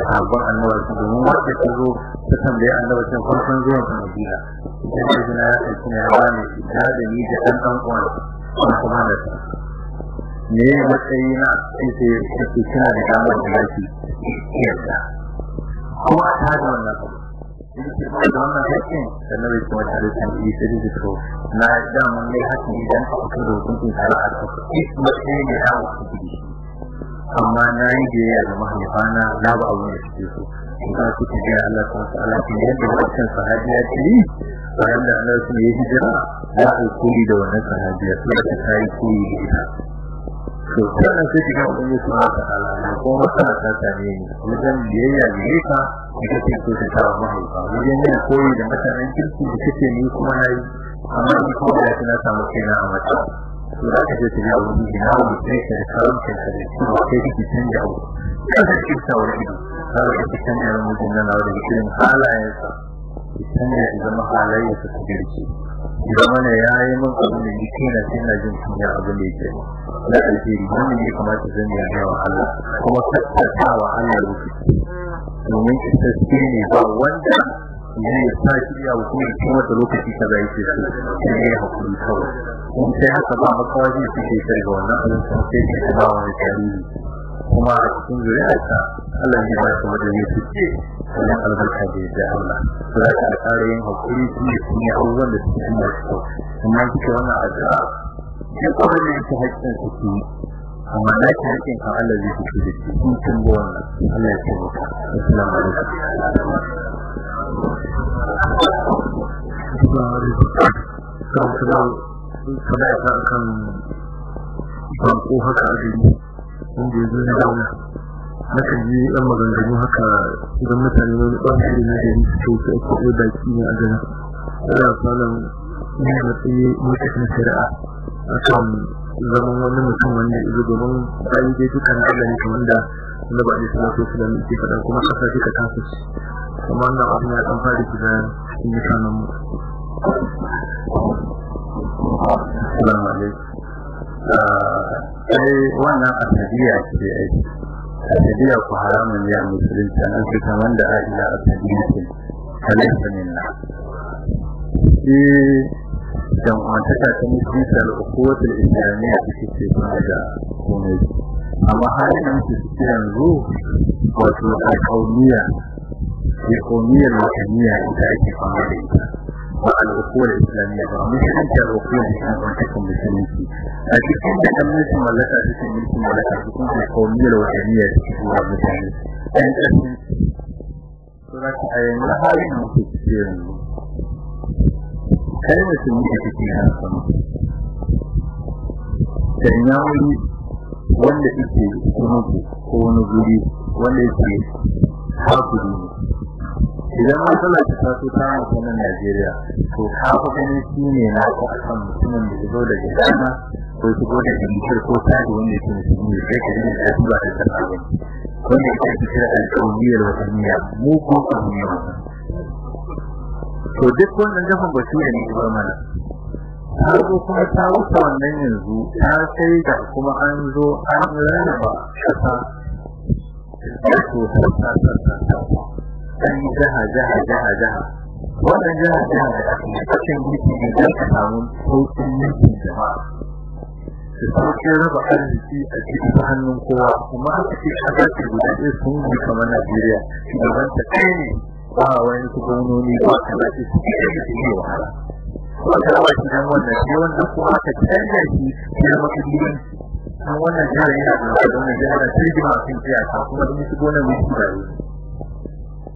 sabon annabi sun domin wanda ta zo ta tambaye annabi sun farkon zuwan ta Madina sai ta na ya aiki ne ya bani da da ni da ɗan dan uwan kuma da ta ne matsayi na sai ta ce kina da damar da yake yadda kuma ta da wannan abu da wannan hakkin da nabi kuma ta da ta yi sai da to na da mun ne hakkin idan ka fito da hukuncin shari'a ta matsayi ne ya wuce amma na yi biyayya ga mahaifana na ba abin da suke so in ka kuka ga Allah ta wata Allah ta yadda wancan sahabiya ce yi bayan da Allah sun yi hijira ya a kuri da wannan sahabiya su da ta yi kuri da ita to sannan sai ki ga wani su ma ta ala ne ko ma ta ta ne ni wajen biyayya da ya ta ita ce ko ta tawa mahaifa wajen yin koyi da mutanen kirki da suke ne kuma na yi amma ni kuma da na samu kaina a mace وأجد يومه أو بكيف الفرنك الحديث وكيف تسمع كيف تستوى الحديث قال تستمع المجنة على الكلم قال عيسى تستمع إذا ما علي تتبيرك إذا ما يا يمن أظن لكينا سنة جنسون يا أظن لكينا لا تجيري من يكما تزني يا وحلا وما تتتعوى على الوكي ومن تستمع وانت idan ya sa shirya wa kuma da lokaci ta yake su sai ya hakuri kawai in sai haka ba makawa zai fi shekar ga wannan abin kuma sai ya shiga wani tarihi kuma a cikin zuriyarsa Allah ya ba shi wajen ya fice wannan albarka da ya Allah to za ka ƙara yin hakuri shi ne kuma abubuwan da suke cikin masu kyau kuma kike wannan addu'a ya kawai ne ta haƙƙin su ki amma na ke haƙƙin kan Allah zai fice da shi in kin ga Allah ya ce maka assalamu alaikum kada ya ta kan bako haka a gari wanda ya zo ya dauna nakan yi yan maganganu haka idan mutane wani ɓangare na gari su ce su ake ɗaya baki ne a gari ana falon yin matsayi mutakin shari'a a kan zaman wani mutum wanda ya zo domin bayan dai dukkan Allah ne kamar da na ba a yi salatu su da muke faɗa kuma ƙasa ce ka fi kamar wannan abin ya ɗan fara shiga cikin mutanen mu Assalamu alaikum. Sai eh, wannan asadiya ce aiki. Asadiya ku haramun ne a musulunci an fi kamar da a'ila asadiya ce. Falaisa minna. Shi eh, jam'antaka ta musulunci al'ukuwatul islamiyya ta ce kuma da kuma. Amma har yanzu yanzu wato a kauniya ikomiyar makaniya da ake fara da ita ba a lokuwar islamiyya ba amma shi hajjar rukuwar da shi wata kan musulunci a cikin da kan mallaka da cikin mulkin mallaka da cikin ikomiyar makaniya da cikin wata mutane ɗan ƙasa to da ki ayyan lahari na mutu kai da sun yi cikin yana sama dan ya wuri wanda yake kuma ko wani guri wanda yake hakuri ne idan matsalar ta taso ta mutanen Najeriya to ka fa gani shi ne na ko mutumin da zo da gidana ko su go da gidana ko ta da wanda yake musulmi sai ka ji da su da tsara ko ne ka ji da alƙawiyar wata mu ko ka ne to duk ne ba mana kuma ta wuce wannan yanzu ta sai da kuma an zo an rarraba kasa wato ta ta ta an yi jaha jaha jaha jaha wannan jaha jaha da ake cikin mulki ne don ka samu sauƙin mulkin jama'a da sauƙin raba arziki a cikin hannun kowa kuma aka ce ƙasa ce guda ɗaya sun yi kamar najeriya shugaban ta ɗaya ne ba wani su gwamnoni ba ta ba ce su ɗaya da ke yi wahala wanda awa shi don wannan sai wanda kuma ka canza shi ya maka gidan wannan jihar yana da wannan jihar da sirgin masu jiya ta kuma da mutu gonar mutu da yi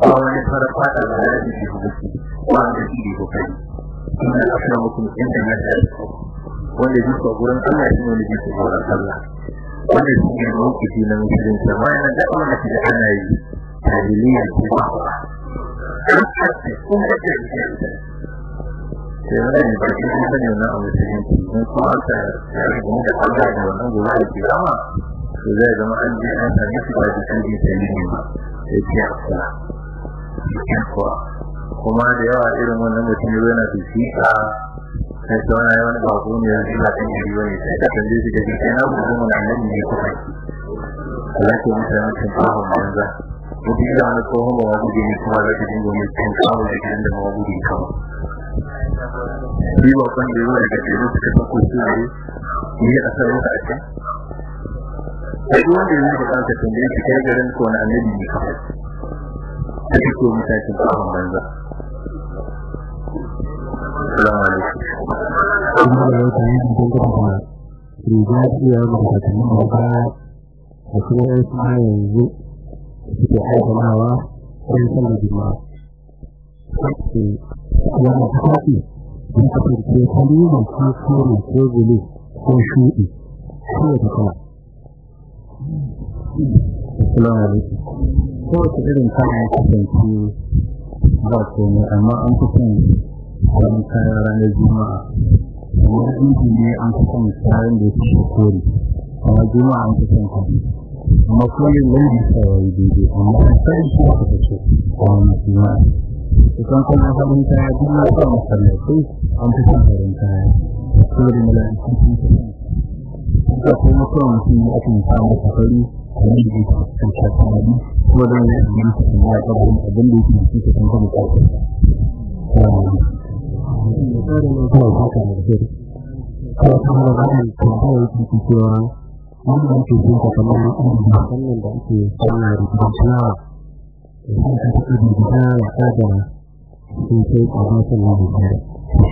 ba wani fara fada da halayen shi ku ba da shi ne kokari inna akramakum inda na da wanda ji ko gurin Allah shi ne wanda ji ko gurin Allah wanda shi ne wanda ji na musulun sa yana da Allah da ana yi tajiliya ko ba sai wani ne ba shi ne na a musulunci don kuma aka yare da Allah da wannan gobe da ke zama zai zama an je an sami shi ba da shi ne ta yi ba sai ce a kula kuwa kuma da yawa irin wannan mutum ya yana da shi a kai ta wani wani bako ne ya shi ne sai ta tambayi shi da sai na gudu mun annabi ne kuma shi mutane kan tsohon banza wata ila wani tsohon ba wani gini kuma za ka dinga mai kan da gidan da ne kawai shi ba da yawa daga ɗaya suka sako su ne ne a ka a can. Sai wanda yi da kanka kai garin ko na annabi ne kawai. da kake mutakin kafin banza assalamu alaikum kuma ya ta yi don gaba ko kore ko kuma assalamu alaikum kowace irin kayan ya kasance ba komai amma an fi son wani kayan ranar juma'a amma inji ne an fi son kayan da ya fi shekori amma juma'a an fi son kaji amma kone lalbi kawai daidai amma an kayan shi aka kashe kuma juma'a kusan kuma farin kaya juma'a ta masallatai an fi son farin kaya saboda mala'ikin sun cikin son kuma kuma mutum ya ake samun kafari wani da yake cikin shafi kuma don ya yi su da cikin shafi kuma ta ƙarfi kuma ta ƙarfi kuma ta ƙarfi kuma ta ƙarfi na kuma shi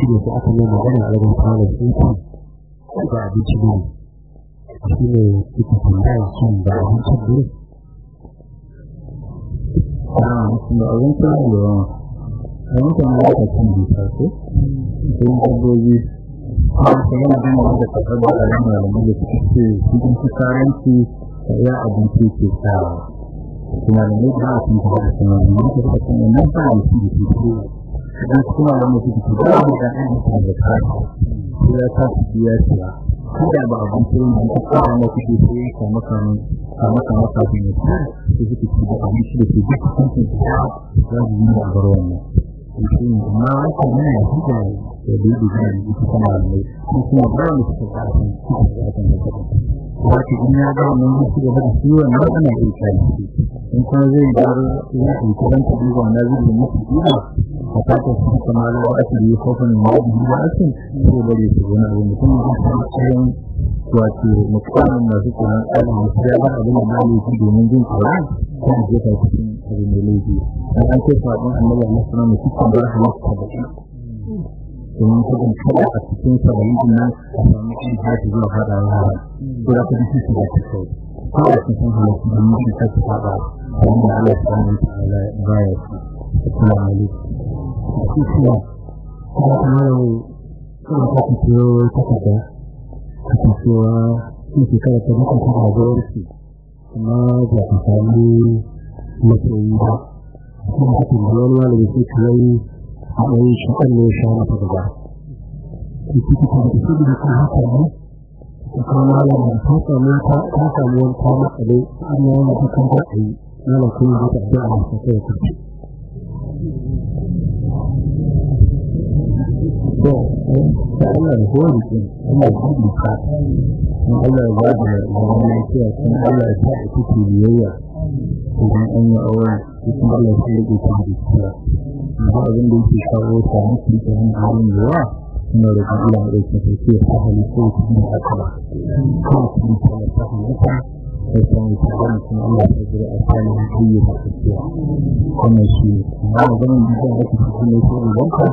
da su aka nuna wani sun da abinci ne shi ne tambaya shi ah, ba a dole ba a da yawa a hankali da aka kan don dabbobi da yana da kasar a yana da mai suka ce cikin su karanci abinci ke sa ne a cikin kasar da suna da mai kasar da da dan kuma da mu cikin da da da ya ta ya ta kada ba a cikin da ta da cikin da ya kama kan kama kan ka ne shi cikin da ba shi da cikin da da ni da garon ne shi ne ma ko ne shi da da da da shi kuma ne kuma ba mu cikin da shi da da wata in ya ga wannan mutu da hada shi wannan ana yi kai in kuma zai bar ina in kuma ta duba na ina a fata shi kamar da da ko shi wani shi cikin wato masu kuma ba abin da yi domin jin ta cikin abin da an ce Allah da shi domin a cikin nan a samu zuwa faɗa good opportunity to get people. Kawai su san halittu da mutum ta ci haɗa da wanda Allah ta hannun ta ala baya su da kuma halittu. Da su cewa, kuma a nan kuma ta fi ciyo takarda, ta fi cewa su ke kada ta mutum ta haɗa da warki, kuma ba ta sami masoyi ba. Kuma hakan da wani wani da ke ciyoyi a ɗan shakan ne shi hana ta gaba. Ki kuka ta da su da kan hakan ne, ita malama ta samu ta ta samu wani ta matsale an yi wani ta kan a yi malam kun yi ta addu'a da ta kai ta to ta Allah ya hori ki Allah ya hori ka in Allah ya ba da zaman lafiya kuma Allah ya sa a cikin biyayya idan an yi auren kuma Allah ya rage ta da ciya amma abin da yake kawo ta mutum ta hanyar yawa kuma da Allah ya ɗauke ta ce ta halittu cikin hakama kan cikin kuma ta halitta da samun sabon kuma Allah ta jira a samun hakiyya da tafiya wannan shi ne amma maganin da zan ne ba ta a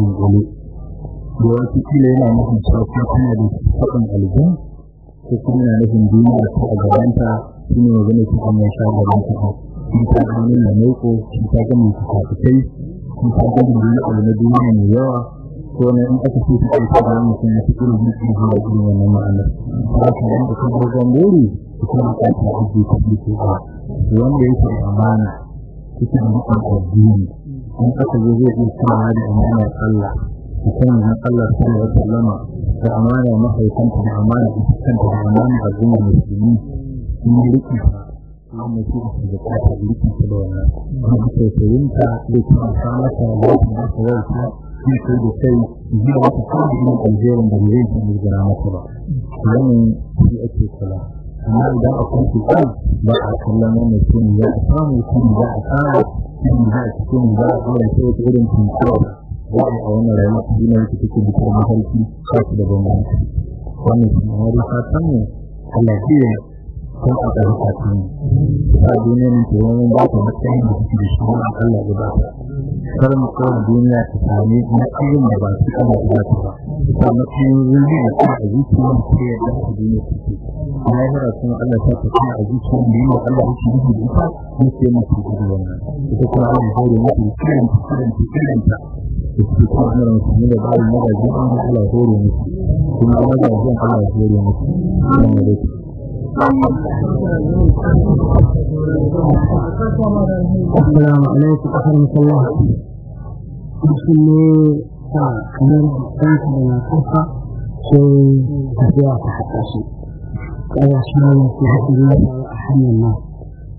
dingole da wasu kila yana nufin ko kuma yana nufin duniya a gabanta shi ne maganin kuma ya sha gaban kuma ta ta sun da wani na duniya mai yawa ko na in aka ce su kai da mutum ya fito amana cikin mutum addini in aka zo zai yi da amana Allah cikin nan Allah sallallahu alaihi wasallam da amana mahaifanta da amana cikin da musulmi in riki wannan shi ake bukatar likita da wannan wani taitayinka da kuma samata da wata da ta yau ta shi kai da kai zai wata kawai yin aljerin da zai ta mai gara mata ba wannan shi ake kula amma idan akwai cutar ba a kallon wannan shi ne za a samu shi ne za a samu shi ne za a cikin za a kawai ta wata irin cutar wani a wannan rayuwa ta gina yake take bukatar mafarki ba su da bambanci wannan shi ne wani fatan ne Allah ya sun a ɗari kafin a duniya ne ke wani ba ta matsayin da suke da shi a Allah guda kar mu kawai duniya ta sami matsayin da ba su kama guda ta ba ta matsayin wuri da kuma a zuciya ta yadda ta duniya ta na yi kuma Allah ta ta kuma a zuciya da yi wa da ita ne ke masu gudu wannan ita kuma an yi hore mafi kiranta da suke kuma ana musulmi da bayan magajin an yi kuma magajin السلام عليكم ورحمة الله musulmi ta kamar ɗansa da matarsa sai tafiya ta haɗa su ƙaya su mana su haɗa na faru a hanyar nan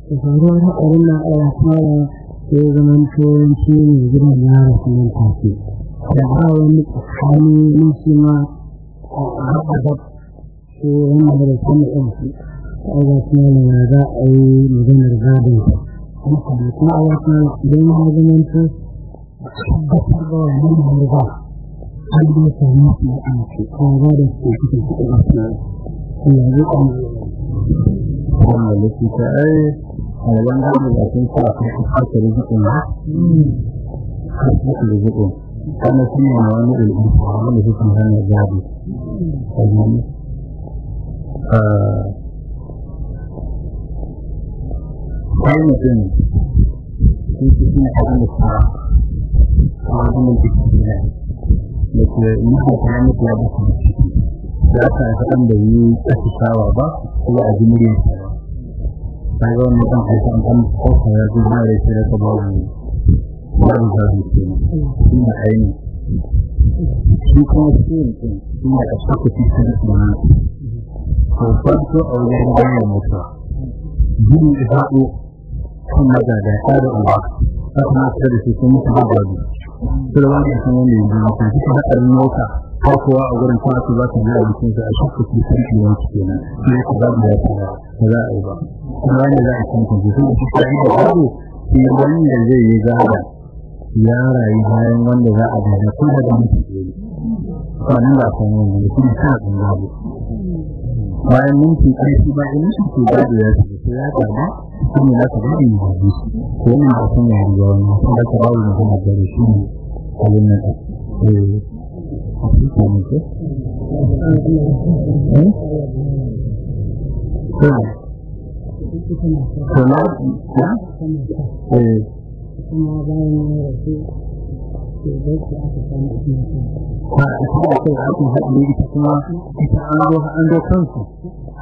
da faruwar haɗarin na ƙaya su mana sai zama turanci ne gidan yaro kuma tafi da shi yana da rashin ɗansu Allah kuma yana za a yi maganar gadon sa hankali kuma Allah kuma idan ya zamanto tabbatar da wannan harba an da samu su da amince kuma ba da su ke cikin kuɗi ba su nan kuma zai ɗansu wannan da shi ta ai harban gadon da sun sa su harkar rizikin ba harkar rizikin kana shi ne wani al'umma wanda suke hanyar gado Ah. kai mutum sun fi suna abin da suna kuma abin da jiki na da ke nufin kuma mutu ya da ciki da aka yi kaɗan da yi ƙasashawa ba kuma a jimirin sa ta ga wani ɗan aiki an kan kofa ya zo ba da ba mu wani zafi ke da aini kwanto a wajen bayan mutuwa gudu da haɗo kan magada ya da uwa a kuma kusa da su sun mutu da babu su da wani sun wanda yanzu na kan ka haɗarin mota ko kuwa a wurin kuma su za su yi jikin su a shakka su sun ke yanki kenan su ne ku babu ya fara ba za a yi ba kuma wani za a san kanku su da su ka yi da babu shi zai yi gada ya rayu bayan wanda za a gada ko da ba mutu ke yi. Wannan ba a san da kuma sa ɗin babu. bayan minti ƙarfi bayan minti ke ba da ya ce sai ya gaba sun yi nasa gari ne da shi ko yin da sun yi ruwa wani sun da shi ne a na nan eh, a cikin mutu Kuma eh, na? Eh. Kuma bayan ya ba a cikin kai hakin haɗin ita kuma ita an zo an zo kansu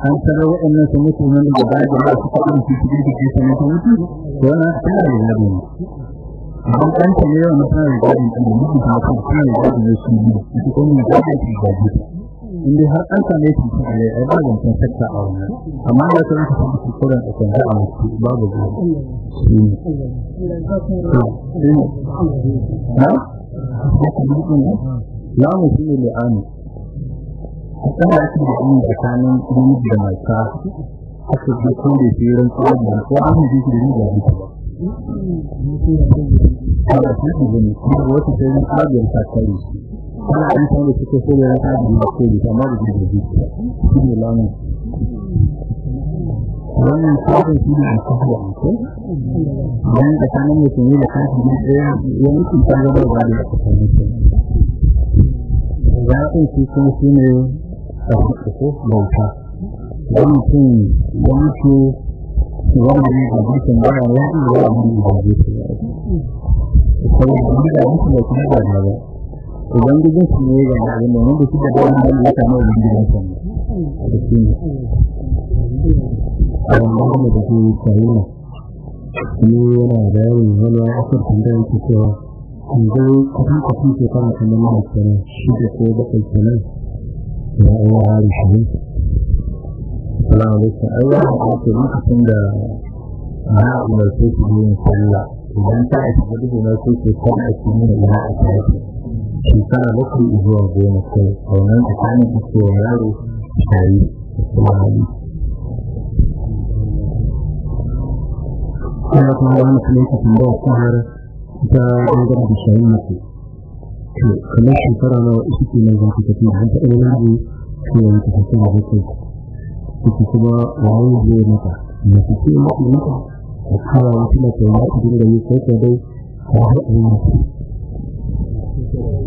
an tara waɗannan da mutu nan da ba da ba su da su mutu mutu to na tana da yabo idan ɗan ta ne yawan tana da yabo da mutu ta kuma tana da da su biyu ita kuma ta da ta da in har an same shi a ne ai ba kan sakka a wani amma da kan ka san shi kuran da kan a mutu babu ba ha la mu shi ne ani kan da shi da ni tsakanin ni da mata aka ji kun da shi ran ko da ko an yi shi da ba shi ba da shi ne ko wata sai ni abin yi. kuma an san da suke so da ya ta da ko da amma da shi ne lamu wannan sabon shi ne alfahu a ko dan da sanin mutum ne da ta ne da ya mutu ta ga da wani da kansa ya ko shi kuma shi ne da ko bauta wani mutum ya mutu wannan ne da mutum ba ya yi da wani da yake ko da mutum da kuma da ubangijin su ne ga abin da wanda shi da dole da ya samu da shi ne amma da shi kallon ne yana da yawan wani akwai tunda yake cewa yanzu kafin kafin shekara kan nan da kenan shi da ko bakwai kenan ya yi wa hari shi ne salamu alaikum ai ya ce lokacin da na umarce shi yin sallah idan ta aiki da duhu na so ke kan aiki ne da ya aiki shekara bakwai zuwa goma kai a wannan tsakanin ake wa yaro tari da hali kuma kuma ba wani kuma yake tambaya ko har ta dangana da shayi mace to kamar shekara na wa isi ke nan zaka tafi an ta ɗaya yanzu ko wani ta tafi da bakwai ita kuma wayo zai mata mace ce mace mata a kawo wata mace ya ɗin da yi kai ta dai a har ɗaya mace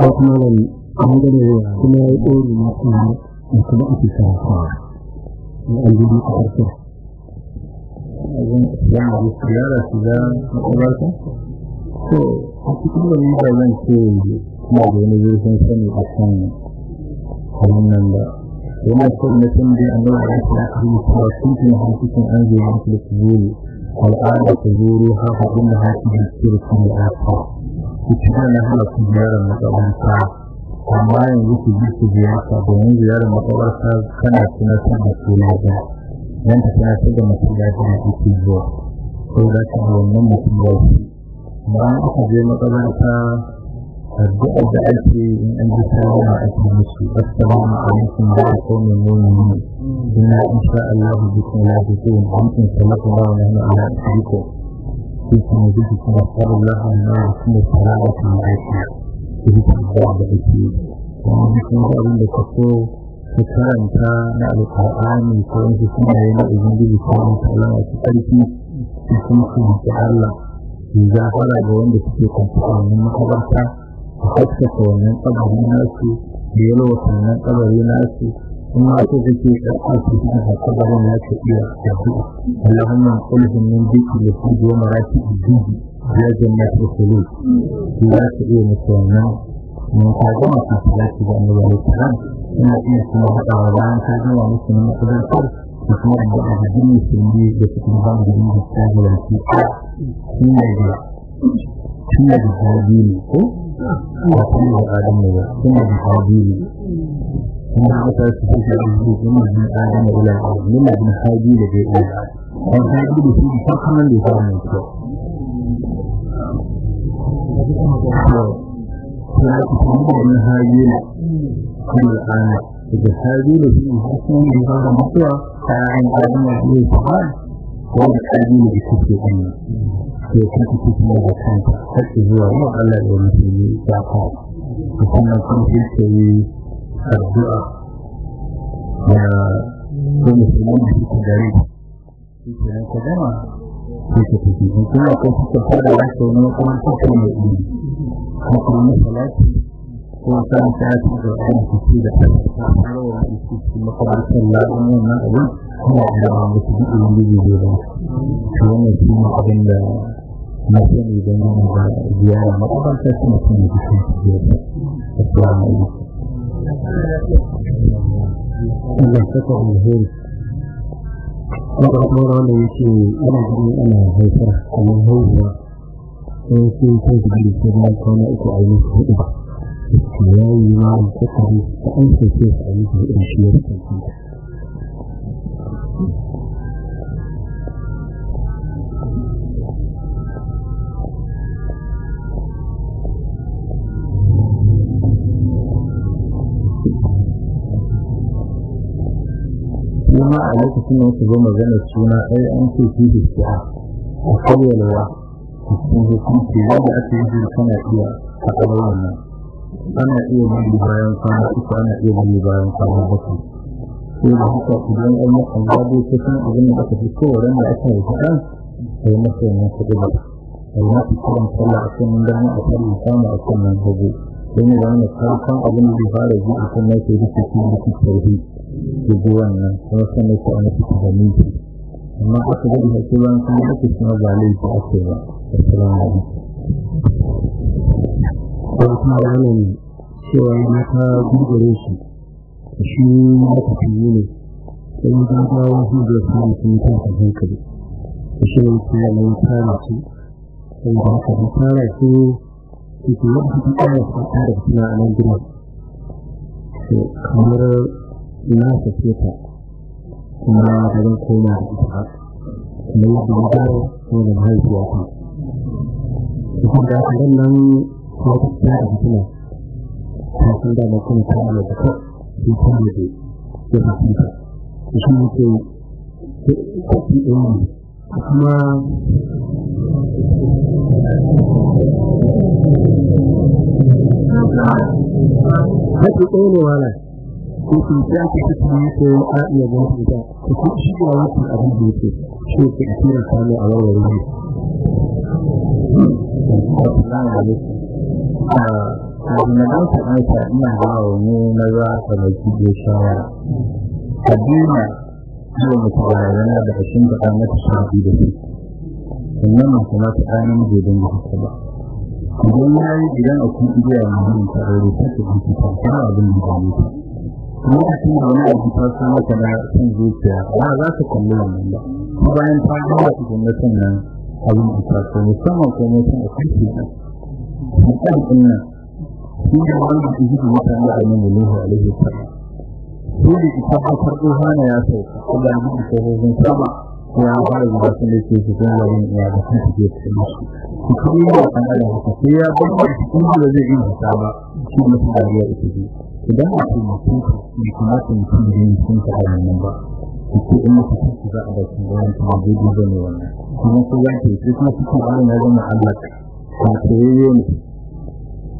ko kuma wani ɓangare kuma ya ɗori na kuma da kuma ake sarrafawa na aljihu a harkar so a cikin da riba zan ce kuma da wani zurfin sani a kan halin nan da wannan kawai na sun dai annabi da ake da kuma cewa cikin hankikin an zai yanki da su zuru al'ada ta zuru har haɗin da hankali da su kuma ki na hana ku ziyarar makabarta amma yanzu ku ji ku ziyarta domin ziyarar makabarta kana tunatar da su lafiya don ta tunatar da mutum lafiya da kuke zuwa ko da ta wannan mutum ya fi bayan aka je makabarta addu'a da ake in an ji sallama ake musu assalamu alaikum wa qawmin mu'minin inna insha Allah bikum la tukun antum salatu wa nahnu ala asrikum karanta na alƙa'ani ko wani suna yi na ubangiji ko wani salama su ƙarfi su kuma su yi Allah su zafara ga wanda suke kwamfuta wani makabarta a haskaka wannan ƙabari nasu da yalwata wannan ƙabari nasu ثم أتذكي أسألك منها قبل ما تأتيها الشهوة اللهم انقلهم من ومراتب يا جنة الخلود لا من صلاة السلام da kuma da ahadin musulmi da da yin gaskiya da yanki shi ne da shi ne da ko ba kuma da adam ne ba shi ne kuma aka su suke da jikin mana tsara na ila yana da haji da zai ɗaya don haji da shi ta kuma da ya mai kyau suna ci kuma da wani haji ne kuma da ana da haji da shi ta kuma da ya fara mutuwa ta an ƙarfi na iya kuma wanda haji da shi ke ɗaya ke kuma kuma da kanta har zuwa yau Allah da mutum ya ƙafa da kuma kuma shi ke yi addu'a da ko musulman da suke gare shi ke nan ka gama sai ka tafi in kuma ko suka da wasu ne kuma suka yi ne ko kuma salati ko san ta ci da kan su da ta fara wa su su makarantar la'amun nan abin kuma da musu da ilimi ne da shi wannan shi ne abin da na sani don yana da ziyara makarantar kuma suna da shi da su Allah saka alheri wanda a ana gani ana haifar kamar haihuwa sai sun sai da gari sai bayan kwana uku hudu ba. Ya yi ma an kakari da an sake su a yi musu shi ya rikin kuma a lokacin da yake zo magana suna ai an ce shi da shi a karyarwa cikin hukun ce wanda ake yi da kana iya a kamar wannan ana iya gudu bayan kwana uku ana iya gudu bayan kwana bakwai sai da haka idan an yi kalla dai ta san abin da aka fi so ran da aka yi kaɗan a yi masa yanzu kuɗi ba a yi masa kiran sallah a kan dama a kan musamman a kan nan hagu don ba na farkon abin da fara ji a kan nake da cikin da cikin tauhi da ji wannan kuma sannan ko an cikin da ni amma aka ga da ke ban kuma da kuma ba laifi ake ba assalamu alaikum ko kuma wannan cewa na ta gurgure shi shi ya tafi ne sai ya dawo shi da su sun ta hankali shi ne kuma ya fara shi sai ya fara shi ke yi da suna a nan gida kamar na ta kuma ba koma da ita kuma da ta ita ta fita a fitina ta san da kuma da ta yi ta kuma haƙi ɗaya ne wala ko kun ta ki ta yi ko a iya ba ku ta ku shi wasu abin da yake shi ke tsira samu a wannan wuri a na dan ta aika ina ba wa ne na za ka da ki da shawara kadina zuwa mutawara yana da ashin da mata shafi da shi sannan masu mata ainihin godon da haka ba idan ya yi idan a kun igiya na hannun ta aure ta ce an fita kuma abin da ba mutu lokacin da wani abu ta san maka da son zuciya ba za ta a nan ba kuma bayan ta gama ta gwamnatin nan abin da ta san musamman ko mutum a kan shi nan mutum ɗin nan shi ne da ke zuwa mutane a nan mulhu alaihi salam dole ki tabbatar ɗin hana ya sauka kuma ya zuwa sauran sama ya fara zuwa sun da ke cikin wajen ya da sun ke cikin su ku yi wa kan haka sai ya cikin zai yi haka ba shi mutum da ya ita idan a ce mutum ka bai kamata mutum da ya sun ta hanyar nan ba ku ce in mutum ka ci za a zai ne wannan kuma ya ce sai kuma cikin wani ya zama Allah ka ce ne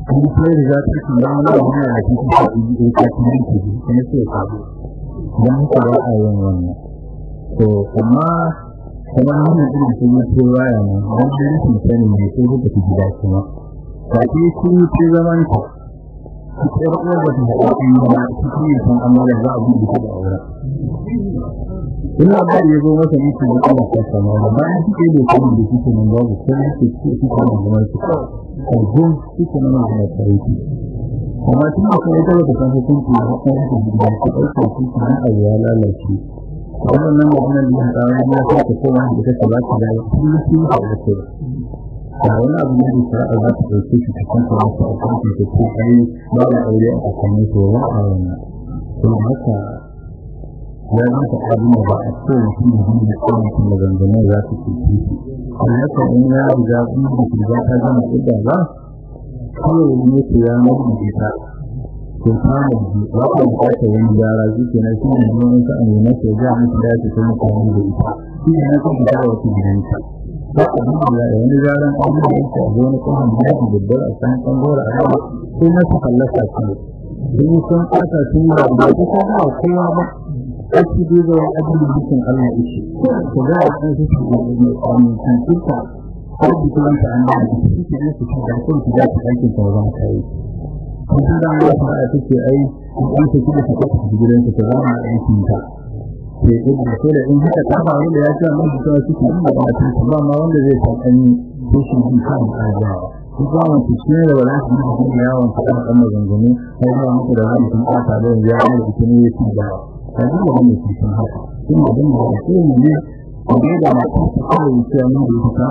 kuma sai da za ta na wani ya ci ta yi ta ci ne ta ci ne sai ba dan a yin wannan to amma kamar wannan irin sun yi kowa ya nan don da yi sun sani mai sun zuba su gida kuma ba ke sun yi ce zaman ku su tsere kuma ba su haɗa yi ba su yi sun amma da za a da ina ba ya zo masa yi su da kasa ma ba bayan su ke da kuma da su nan babu sun yi su ce su kuma da mai su karbun nan da mai su kuma tun da kuma ita da ta san hukunci da kuma hukunci su. na lalace wannan maganar da ta yi ya ta ce wa da ta ba ta da shi shi ba da ce ba wani abu ne da ta za ta dauke shi cikin ta ta ta ta ko kai ba da aure a kan to wa a wannan to haka ya za ta abin da ba a ce shi ne da kuma kuma zanzane za ta ce shi kuma haka in ya riga in ba ta gama kida ba kawai ne ta ya mutunta subhanahu wa ta'ala ta yin gyara shi ke shi ne zuwan sa an na ke ga mutu da ta kuma kawo da ita shi ne na kuma ta wata gidanta ba a duka da yayin gyaran abu da a zuwan kuma da yake babbar a san kan gora a yau sai na su kallasa ne. sun san kasa sun yi rabu da ta kawo kowa ba aiki dai ga wani abin da Allah yake to ga wannan shi ne da kwanin kan duka har da kuma ta annabi shi ne su ta da kun da aikin ta zan kuma da Allah ta ya take ai an ce kuma ta ta gidan ta zama a cikin ta sai in da in haka ta ba ya ce mun ta cikin inda ba ta ba ma wanda zai san an yi ko shi din kan aja ko ba mun cikin da wala shi ne ya ba mu da zan ta ta da ya ne ne ba ne haka kuma dan ne game da kawai ya kuma da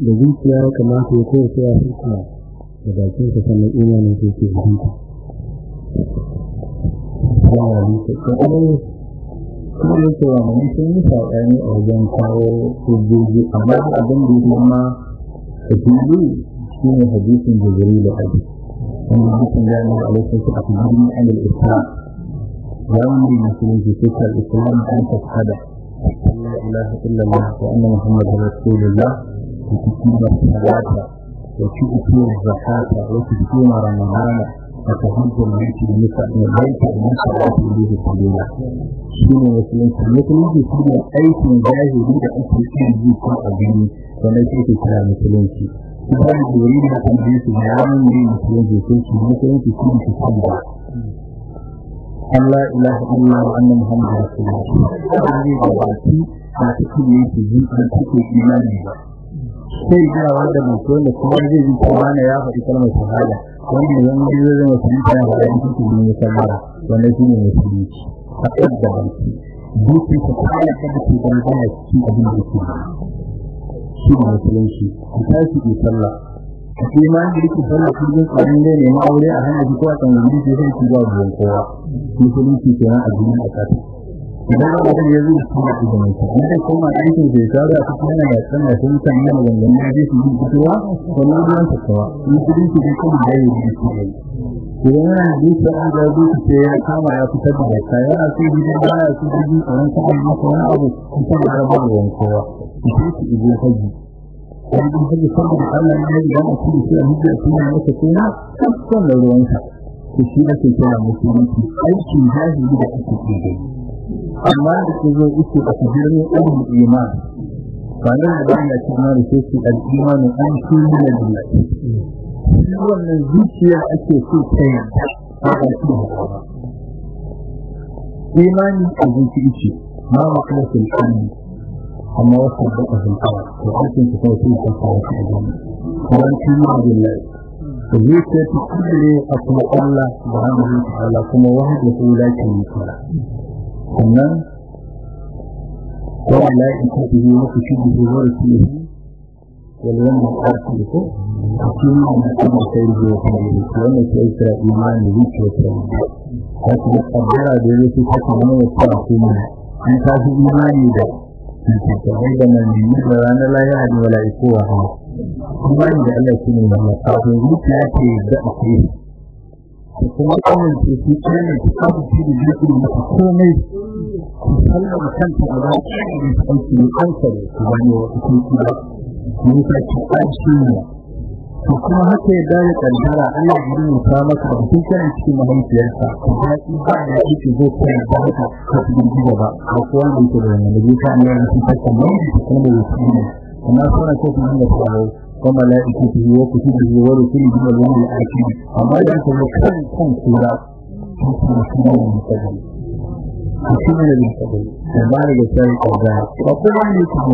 ya da zuciya ya kamata ya kowace ya fita da bakin sa sannan imanin ke ke kuma yake wa a wajen kawo hujjoji amma abin da ya a fili shi ne hadisin jibril alaihi wanda hadisin ya nuna su akbarni an al-islam ya wani musulunci suka al-islam an tashhada la ilaha illallah wa anna muhammadar rasulullah da kuma salata da kuma zakata da kuma ramadana وتهج البيت البيت من صلاه البيت الطويله شنو musulunci musulunci shi ne aikin jahili da ake iya yi ko a gani wannan shi ke kira musulunci kuma da wuri da kan yi su ya wani musulunci sun shi musulunci shi ne shi kuma an la ilaha illa wa anna muhammadu rasulullah sai da baki ba ta kuma yi su yi an kuke imani ba sai ina wanda mutum da kuma zai yi kuma na ya faɗi kalmar shahada wanda idan ya zai zama musulunci da yanki su bin ya sabara wanda shi ne musulunci a kan da baki dukkan su kwana kada ke don gana ci abin da ke shi da musulunci ku shi ke sallah a ma da yake sallah kun zai tsarin da ne a hanya ji kowa kan wani zai ci babu kowa musulunci kenan a duniya a kasa idan ba ya ta na da kuma aikin da ya tsara a cikin yana yatsan da sun san yana zangon na ji su yi fitowa ko na ruwan tattawa in kudin su da ya yi su yi idan yana hadisi an ga zuwa ce ya kama ya fitar da ta yana su gidan ba ya su gidan tsaron ta wani abu kusan da raba da wankowa ita ce ibu haji wani haji saboda allah ya yi idan a cikin shi a hujjar suna masa kenan kafin da ruwansa to shi ake kira musulunci aiki zahiri da ake kira amma da ke zo ba a cikin ilmin iman ba nan da ya ci na da sai al an shi ne da billahi wannan zuciya ake so ta yi a ba shi imani a zuci ce ma ba kana sun amma wasu da ka sun to an ta kawo sun kawo shi da mu ran shi ne billahi zuciya ta kulle a kuma ba subhanahu wa ta'ala kuma wahdahu la sharika lahu sannan wani la'in ta biyu mafi shi da zuwa da su yi yalwan da ƙarfi da ko a cikin yana kuma sai da zuwa kan yi wannan sai ta imani zuciya ta yi ta ci da ƙaddara da ya fi kasa wani ya fara kuma an ta fi imani da tattalai da mai nemi da ranar lahira da mala'iku wa hawa kuma da Allah shi ne mai kafin zuciya ce da ake kuma amince shi ne ta kafa shi da jikin masa komai kalmar kanta da za ta yi sauki ne an su ba ne wata sauki ba mun ta ƙarshe ne to kuma haka ya dawo kaddara ana gudu ta maka da sun kana cikin mahaifiyarsa ko ba ki ba da yake zo ta ba haka ka fi gida ba ko kuwa mun ta da wannan da ta a sun fata ne kuma da su ne kuma sauran ko kuma a tsaro وملائكته وكتبه ورسله واليوم الآخر وما يكون كان كان سورة تسمى سورة المتجمع shine da da ba da kuma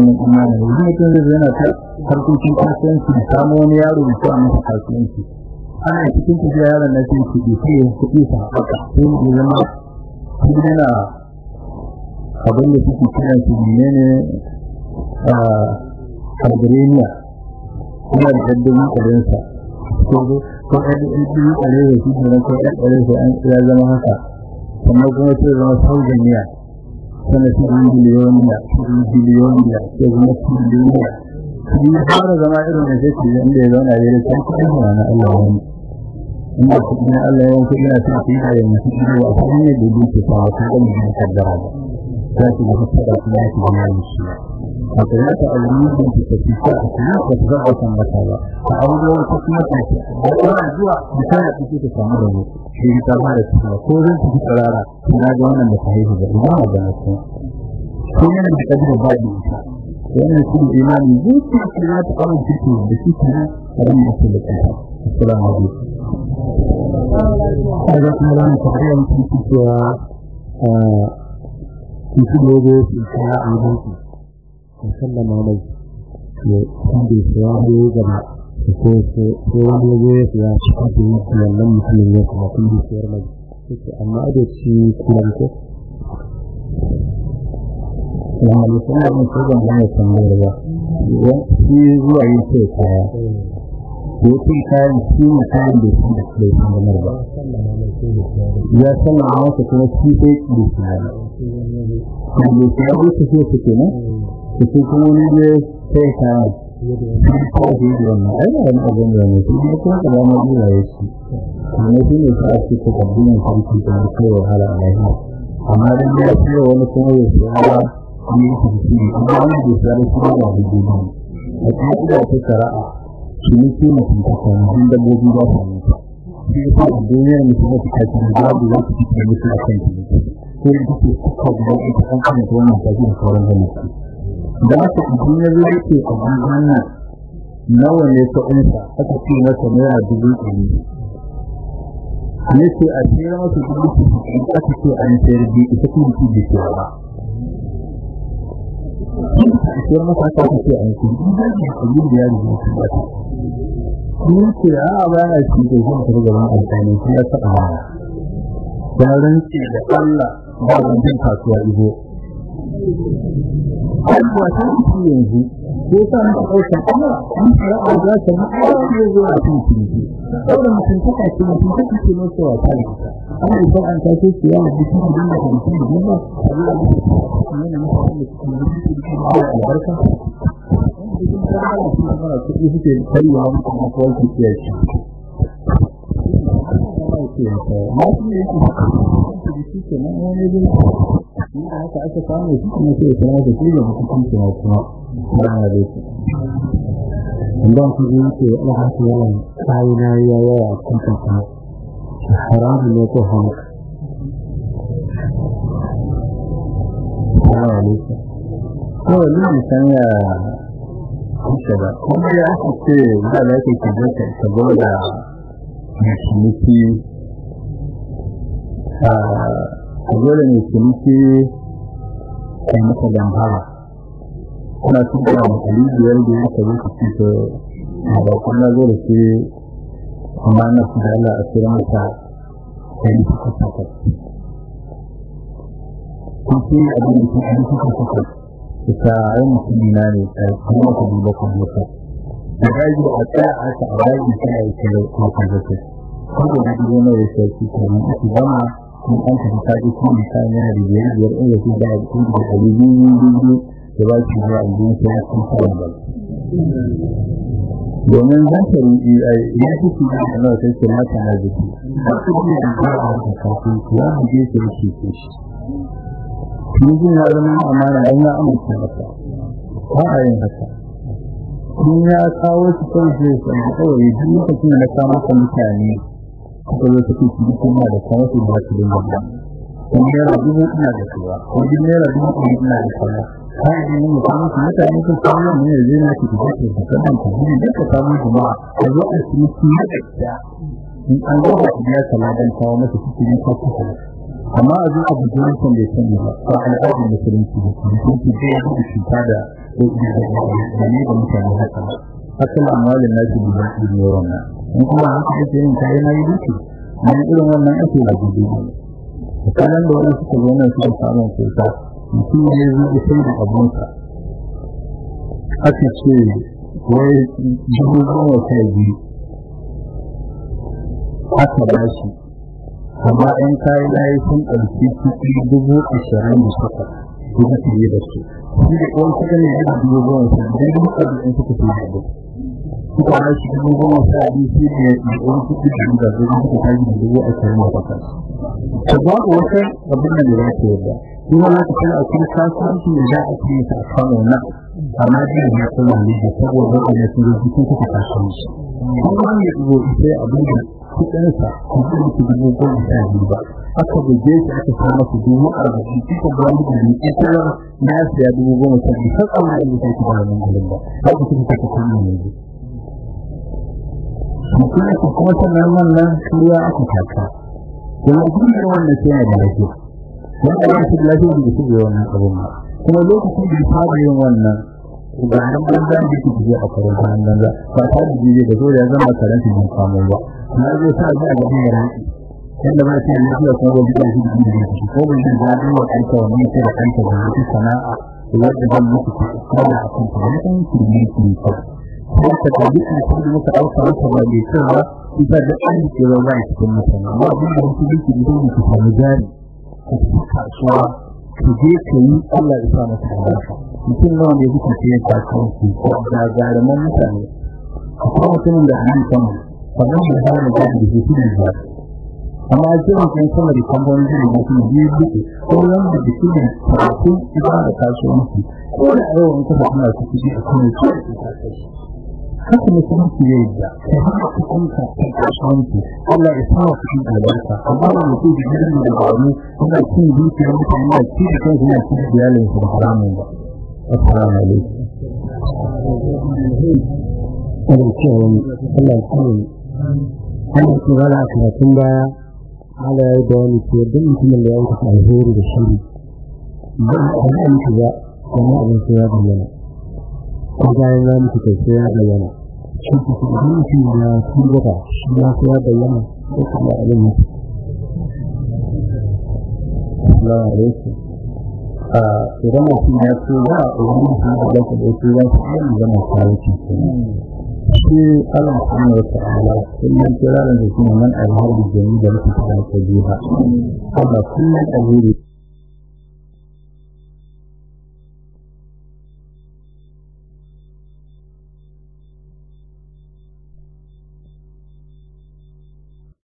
ne ne yana ta harkokin kasuwanci da samu wani yaro da kuma masa kasuwanci ana cikin tafiya yaron na cikin kuɗi sai ya kuɗi sa haka sai zama abin da suke kira su ne ne a Algeria kuma da daddun ko ko ya zama haka 160 miliard sanatan biliyon miliard kudin biliyon miliard domin kudin duniya kudin fara zama irin da take da inda ya zauna ya san kudin na Allah wani inda kudin Allah ya kudi na cikin kudin da mutum ya wa kudin da dubi ke fara kudin da kaddara da zaki da hukuma da kuma shi wato ya ta alimin da take ta kuma ta zaba san mata ba ta aure wata kuma ta ce da kuma zuwa da ta ce ta samu da mu shi ta ba da ta ko zan ci tsarara ina ga wannan da ta haihu ina da nasu ko ne da ta da ba da ita wannan shi imani zuciya ta ya ta aure shi da shi kana da ta assalamu kuma da yanki cewa eh kuma gobe ta sallama mai ya kunde su ya gaba ko ko wani ya shi mutumin ya kuma kunde su mai amma da shi ko ya ba shi zuwa yin kaya kayan shi ne kayan da shi da ba ya sallama ya cikin kuma wani ne sai ka ko shi ne na ai da wani abin da ne kuma kuma kuma ma ina shi ne shi ne sai ake ta kabbin sarki da kai wahala a lafiya amma dan ya ce wani kuma ya ce ba ni sarki amma wani da sai kuma ba da gudu a cikin da ta kara'a shi ne ke mutum ta kan dabbobi ba su mutu shi ne sai duniyar mutum ta kace babu wata cikin mutum a kan ta ko da ke kuka da ita an kama wannan ta ji da sauran halittu da haka idan ya zo yake a wannan nawa ne ta unsa aka ce masa naira dubu ɗari yace a tsira masa dubu ɗari aka ce an sayar bi ita kuma ki bi ce ba a tsira masa aka ce an sayar bi da abin da ya rubuta ba ta kuma ce a ba na shi da zan tafi gaban alƙali shi ya faɗa mana ya rantse da Allah ba zan kasuwa ibo Yadda ta fi yanzu, ko sa mu ɗaukar kuma an fara za ta yi ƙarfi zuwa a cikin kirki. Saboda mutum ta kace mutum ta kace mai cewa ta da kusa. an ta ce ciya da bikin da yana da mutum da yana da yana da yana wanda cikin da yake da kuma da albarka. Wanda cikin ta hana su kuma kuɗi suke karyewa mutum na kawai su ciya shi. Ma su ne yake da shi ke nan wani zai inda haka aka samu shi kuma sai ya da shi da hukunci ya kuma bayan da shi idan ku yi ce ya haka yawan kayi na ya yawa kuka ta haram ne ko hamu yawa ne kawai ne musamman ya kusa ba kuma ya aka ce ba da yake ke zaka saboda ciniki a dole ne su nufi a maka damfara kuna cin da matsali biyar da ya kazo ka ci a bakon kuma zo da ke kuma na su da Allah a kira masa ta yi suka saka kun ce abin da ke yi suka saka su ta yi mutum na ne a kuma ku duba kan mutum da rage a tsaya a ta a rage ta yi kira kuma kan zata. kuma da duk wani ya shafi kamar su gama in an tafi sa'i kuma misali yana da biyar biyar in da da biyu biyu da ba zuwa domin zan ta ruɗi a ya fi su da kanar sai ke mata na jiki a cikin da ba a da kafin ya mu je su rufe su shi mijin ya zama amana an ya amince masa ba a yin haka in ya kawo su kawai zai san kawai duk lokacin da na kawo mutane akwai wasu kuɗi kuma da kuma su ba su yin wannan kuma naira dubu ina da kuwa kuma naira dubu ina da kuwa kai ne mun samu mutane sun samu ne ne na ki da ke da kan ku ne da ka samu jama'a a zo a ci su ne da ta in an ga ku ya sama dan kawo masa kuɗi ne ko ku amma a zo a bujin kun da ba fa al'adu da da kuma ku ce da ku ta da ko da ne da mutane haka haka amma da nake in kuma haka ake yin kayan na yi duki nan irin wannan ake da gudu kanan da wani suka zo nan suka samu kyauta mutum ya yi zuwa sai da abinsa aka ce wai dubu goma sha biyu aka ba shi amma ɗan kayan na yi sun ɗauki kuɗi dubu ashirin da suka dubu fiye da su shi da ɗan kuɗin ne da dubu goma sha biyu dubu suka fiye da su mutane su dubu goma sha biyu shi ne wani kuɗi da da su suka tashi da dubu ashirin da takwas. To babu wata abin da ya ta yadda. Kuma na ta a cikin kasuwanci da za a ce ta samu na amma ji da masu lalle da saboda wanda sun zo cikin kuka kasuwanci. Kuma wani ya zo sai abin da kuɗinsa kuɗin su dubu goma sha biyu ba. Aka buge shi aka sa masa dubu arba'in cikin gwamnati da ne ke tsara na siya dubu goma sha biyu. Sassan na iya sai ta da wani gurin ba. Haka kuma ta kuɗin ne. mutum ku kuma sannan wannan kariya aka taka kuma kuma ne wannan sai da lafiya wanda ya shi lafiya da shi wannan abun kuma lokacin da ya fara yin wannan ba nan ban da yake a karin kan nan da ba ta ji da zo ya zama karanta mun samu ba na zo sa ji a gaban ran yadda ba ta yi da kuma ba ta yi da shi ko ban da da wa kanta wannan sai da kanta da sana'a wanda ban muku ko da kanta wannan kirmi kirmi ka da duk mutum da muka ɗauka masa ba mai kyau ba shi ba da an yi kewa ba a cikin masa amma abin da mutum yake da dole ku samu jari ku fi kasuwa ku ka yi Allah da da masa albarka mutum nawa ne kuka ce ya kasuwanci ko da jaruman mutane akwai mutumin da hannun sama sannan da fara da jari da ke fi da amma ake mutum sama da kamfanin da kuma biyu buɗe ko wanda da shi ne karatun ibada kasuwanci ko da a yau kuma su kuɗi a kuma su حتى اللي كمان في يبدا فهذا تكون كاشانتي الله يصرف في البلد الله اللي تيجي من العلوم هنا يكون بيت يوم الله يصير كذا هنا يصير دياله سبحان الله السلام عليكم Allah kawai ana tsoron a karatun baya ala ya da wani ce duk mutumin da ya wuce alheri da shiri ba a kan ba wani abin sai ya bayyana ko bayan ya mutu kai sai ya bayyana shi ke cikin shi da sun gaba shi ya kuwa bayyana ko kuma ya Allah ya ce a idan mutum ya shi ya a wani mutum da zaka da shi ya ce yana zama tare shi shi Allah subhanahu wa ta'ala kullum kirarin da shi man al-harbi jami'a da mutum da ta biya Allah